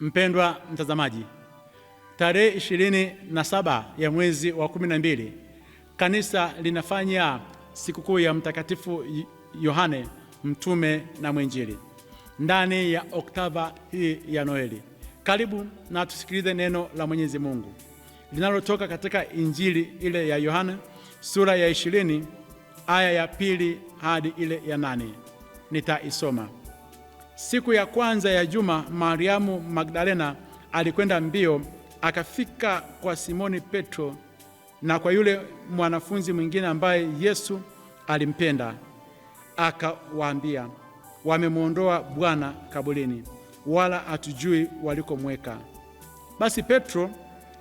Mpendwa mtazamaji, tarehe ishirini na saba ya mwezi wa kumi na mbili kanisa linafanya sikukuu ya Mtakatifu Yohane mtume na mwinjili ndani ya oktava hii ya Noeli. Karibu na tusikilize neno la Mwenyezi Mungu linalotoka katika Injili ile ya Yohane sura ya ishirini aya ya pili hadi ile ya nane. Nitaisoma. Siku ya kwanza ya juma, Mariamu Magdalena alikwenda mbio akafika kwa Simoni Petro na kwa yule mwanafunzi mwingine ambaye Yesu alimpenda, akawaambia, wamemwondoa Bwana kaburini, wala hatujui walikomweka. Basi Petro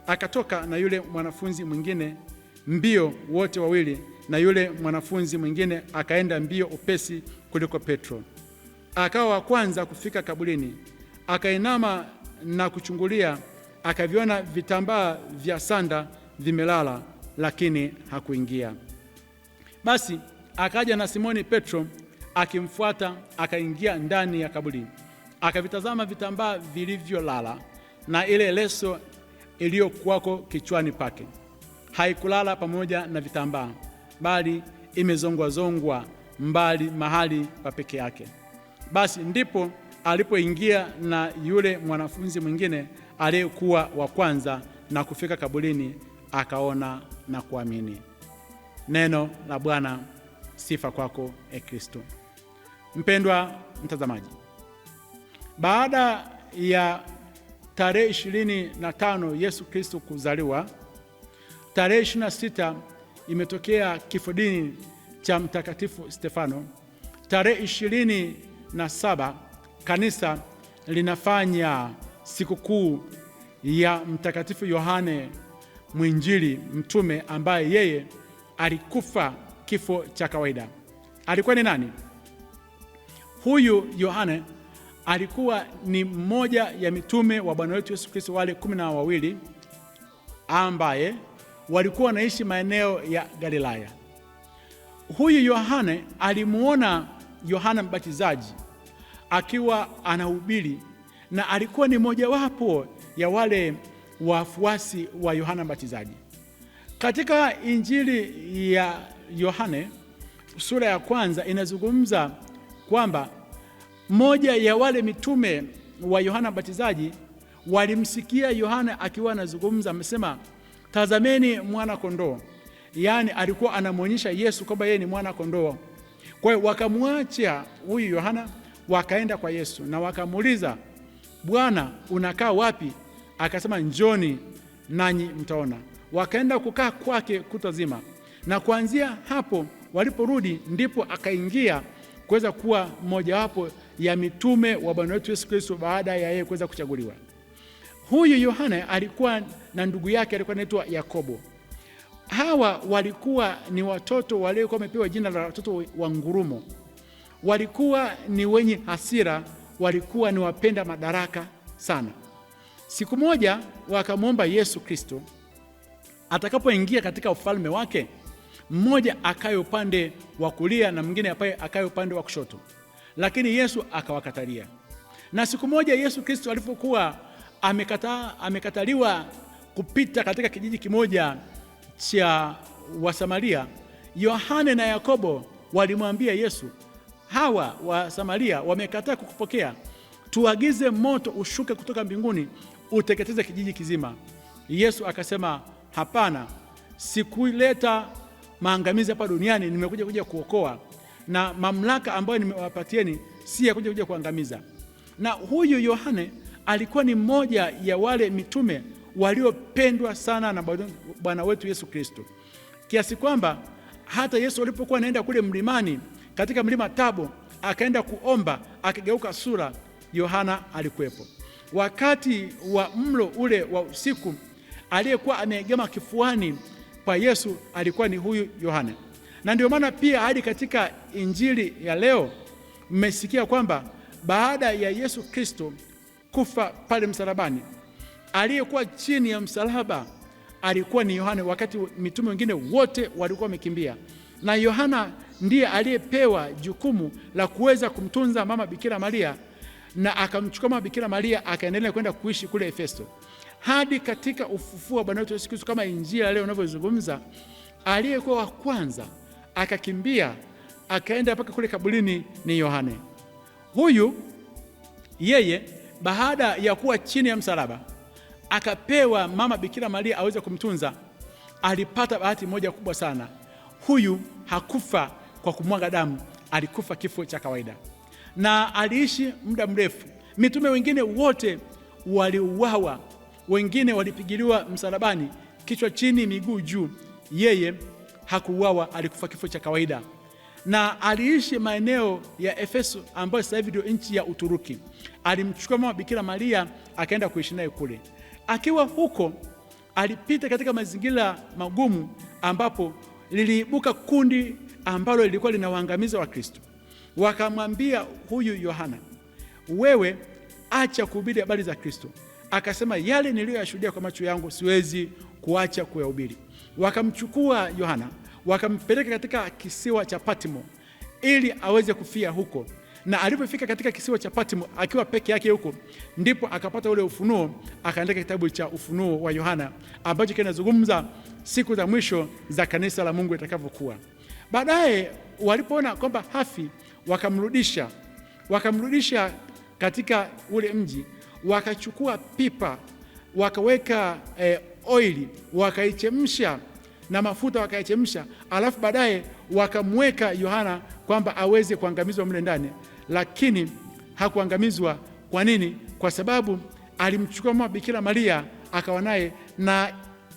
akatoka na yule mwanafunzi mwingine mbio, wote wawili, na yule mwanafunzi mwingine akaenda mbio upesi kuliko Petro akawa wa kwanza kufika kaburini, akainama na kuchungulia, akaviona vitambaa vya sanda vimelala, lakini hakuingia. Basi akaja na Simoni Petro akimfuata, akaingia ndani ya kaburi, akavitazama vitambaa vilivyolala na ile leso iliyokuwako kichwani pake; haikulala pamoja na vitambaa, bali imezongwazongwa mbali mahali pa peke yake. Basi ndipo alipoingia na yule mwanafunzi mwingine aliyekuwa wa kwanza na kufika kaburini, akaona na kuamini. Neno la Bwana. Sifa kwako e Kristo. Mpendwa mtazamaji, baada ya tarehe ishirini na tano Yesu Kristo kuzaliwa, tarehe ishirini na sita imetokea kifodini cha Mtakatifu Stefano, tarehe ishirini na saba kanisa linafanya sikukuu ya Mtakatifu Yohane Mwinjili mtume ambaye yeye alikufa kifo cha kawaida. Alikuwa ni nani huyu Yohane? Alikuwa ni mmoja ya mitume wa Bwana wetu Yesu Kristo, wale kumi na wawili ambaye walikuwa wanaishi maeneo ya Galilaya. Huyu Yohane alimuona Yohana Mbatizaji akiwa anahubiri, na alikuwa ni mojawapo ya wale wafuasi wa Yohana Mbatizaji. Katika Injili ya Yohane sura ya kwanza inazungumza kwamba mmoja ya wale mitume wa Yohana Mbatizaji walimsikia Yohana akiwa anazungumza, amesema, tazameni mwana kondoo. Yaani alikuwa anamwonyesha Yesu kwamba yeye ni mwana kondoo kwa hiyo wakamwacha huyu Yohana, wakaenda kwa Yesu na wakamuuliza, Bwana, unakaa wapi? Akasema, njoni nanyi mtaona. Wakaenda kukaa kwake kutwa zima, na kuanzia hapo waliporudi ndipo akaingia kuweza kuwa mmojawapo ya mitume wa Bwana wetu Yesu Kristo baada ya yeye kuweza kuchaguliwa. Huyu Yohana alikuwa na ndugu yake alikuwa anaitwa Yakobo hawa walikuwa ni watoto waliokuwa wamepewa jina la watoto wa ngurumo. Walikuwa ni wenye hasira, walikuwa ni wapenda madaraka sana. Siku moja wakamwomba Yesu Kristo atakapoingia katika ufalme wake, mmoja akaye upande wa kulia na mwingine apaye akaye upande wa kushoto, lakini Yesu akawakatalia. Na siku moja Yesu Kristo alipokuwa amekataa, amekataliwa kupita katika kijiji kimoja cha Wasamaria, Yohane na Yakobo walimwambia Yesu, hawa Wasamaria wamekataa kukupokea, tuagize moto ushuke kutoka mbinguni uteketeze kijiji kizima. Yesu akasema, hapana, sikuleta maangamizi hapa duniani, nimekuja kuja kuokoa, na mamlaka ambayo nimewapatieni si ya kuja kuja kuangamiza. Na huyu Yohane alikuwa ni mmoja ya wale mitume waliopendwa sana na Bwana wetu Yesu Kristo, kiasi kwamba hata Yesu alipokuwa anaenda kule mlimani, katika mlima Tabo, akaenda kuomba, akigeuka sura, Yohana alikuwepo. Wakati wa mlo ule wa usiku, aliyekuwa ameegema kifuani kwa Yesu alikuwa ni huyu Yohana, na ndio maana pia hadi katika injili ya leo mmesikia kwamba baada ya Yesu Kristo kufa pale msalabani Aliyekuwa chini ya msalaba alikuwa ni Yohane, wakati mitume wengine wote walikuwa wamekimbia, na Yohana ndiye aliyepewa jukumu la kuweza kumtunza mama Bikira Maria, na akamchukua mama Bikira Maria akaendelea kwenda kuishi kule Efeso hadi katika ufufuo wa Bwana wetu Yesu Kristo, kama injili leo unavyozungumza. Aliyekuwa wa kwanza akakimbia akaenda mpaka kule kaburini ni Yohane. Huyu yeye baada ya kuwa chini ya msalaba akapewa mama Bikira Maria aweze kumtunza, alipata bahati moja kubwa sana. Huyu hakufa kwa kumwaga damu, alikufa kifo cha kawaida na aliishi muda mrefu. Mitume wengine wote waliuawa, wengine walipigiliwa msalabani, kichwa chini, miguu juu. Yeye hakuuawa, alikufa kifo cha kawaida na aliishi maeneo ya Efeso ambayo sasa hivi ndio nchi ya Uturuki. Alimchukua mama Bikira Maria akaenda kuishi naye kule. Akiwa huko alipita katika mazingira magumu, ambapo liliibuka kundi ambalo lilikuwa linawaangamiza Wakristo. Wakamwambia huyu Yohana, wewe acha kuhubiri habari za Kristo. Akasema, yale niliyoyashuhudia kwa macho yangu siwezi kuacha kuyahubiri. Wakamchukua Yohana wakampeleka katika kisiwa cha Patmo ili aweze kufia huko na alipofika katika kisiwa cha Patmo akiwa peke yake huko, ndipo akapata ule ufunuo, akaandika kitabu cha Ufunuo wa Yohana ambacho kinazungumza siku za mwisho za kanisa la Mungu itakavyokuwa. Baadaye walipoona kwamba hafi, wakamrudisha wakamrudisha katika ule mji, wakachukua pipa wakaweka e, oili wakaichemsha na mafuta wakaichemsha, alafu baadaye wakamweka Yohana kwamba aweze kuangamizwa mle ndani lakini hakuangamizwa. Kwa nini? Kwa sababu alimchukua mama Bikira Maria akawa naye, na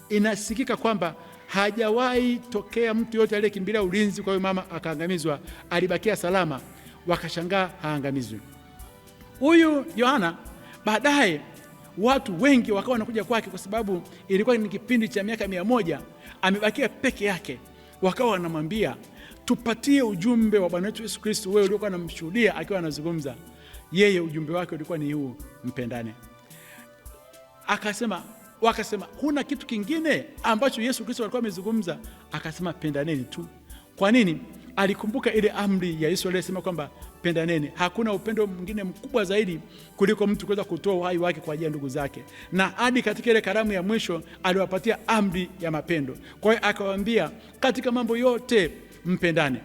inasikika kwamba hajawahi tokea mtu yote aliyekimbilia ulinzi kwa huyo mama akaangamizwa, alibakia salama, wakashangaa haangamizwi. Huyu Yohana baadaye watu wengi wakawa wanakuja kwake, kwa sababu ilikuwa ni kipindi cha miaka mia moja amebakia peke yake, wakawa wanamwambia tupatie ujumbe wa Bwana wetu Yesu Kristo, wewe uliokuwa namshuhudia akiwa anazungumza. Yeye ujumbe wake ulikuwa ni huu, mpendane. Akasema, wakasema huna kitu kingine ambacho Yesu Kristo alikuwa amezungumza? Akasema, pendaneni tu. Kwa nini? Alikumbuka ile amri ya Yesu aliyesema kwamba pendaneni. Hakuna upendo mwingine mkubwa zaidi kuliko mtu kuweza kutoa uhai wake kwa ajili ya ndugu zake, na hadi katika ile karamu ya mwisho aliwapatia amri ya mapendo. Kwa hiyo akawaambia, katika mambo yote mpe ndani.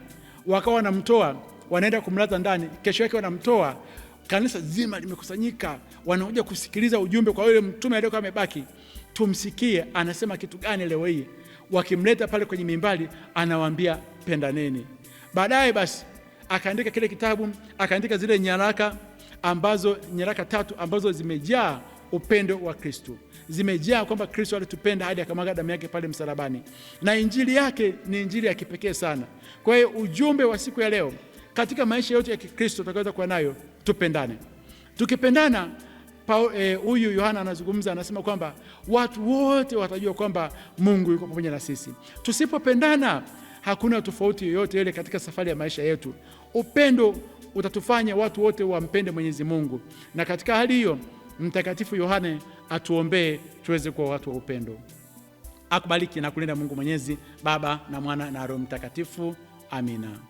Wakawa wanamtoa wanaenda kumlaza ndani, kesho yake wanamtoa. Kanisa zima limekusanyika, wanakuja kusikiliza ujumbe kwa yule mtume aliyokuwa amebaki. Tumsikie anasema kitu gani leo hii. Wakimleta pale kwenye mimbali, anawaambia pendaneni. Baadaye basi akaandika kile kitabu, akaandika zile nyaraka ambazo, nyaraka tatu ambazo zimejaa upendo wa Kristo zimejaa kwamba Kristo alitupenda hadi akamwaga damu yake pale msalabani, na injili yake ni injili ya kipekee sana. Kwa hiyo ujumbe wa siku ya leo katika maisha yote ya Kikristo tutakaweza kuwa nayo, tupendane. Tukipendana eh, huyu eh, Yohana anazungumza anasema kwamba watu wote watajua kwamba Mungu yuko pamoja na sisi. Tusipopendana hakuna tofauti yoyote ile katika safari ya maisha yetu. Upendo utatufanya watu wote wampende Mwenyezi Mungu, na katika hali hiyo Mtakatifu Yohane atuombee tuweze kuwa watu wa upendo. Akubariki na kulinda Mungu Mwenyezi, Baba na Mwana na Roho Mtakatifu. Amina.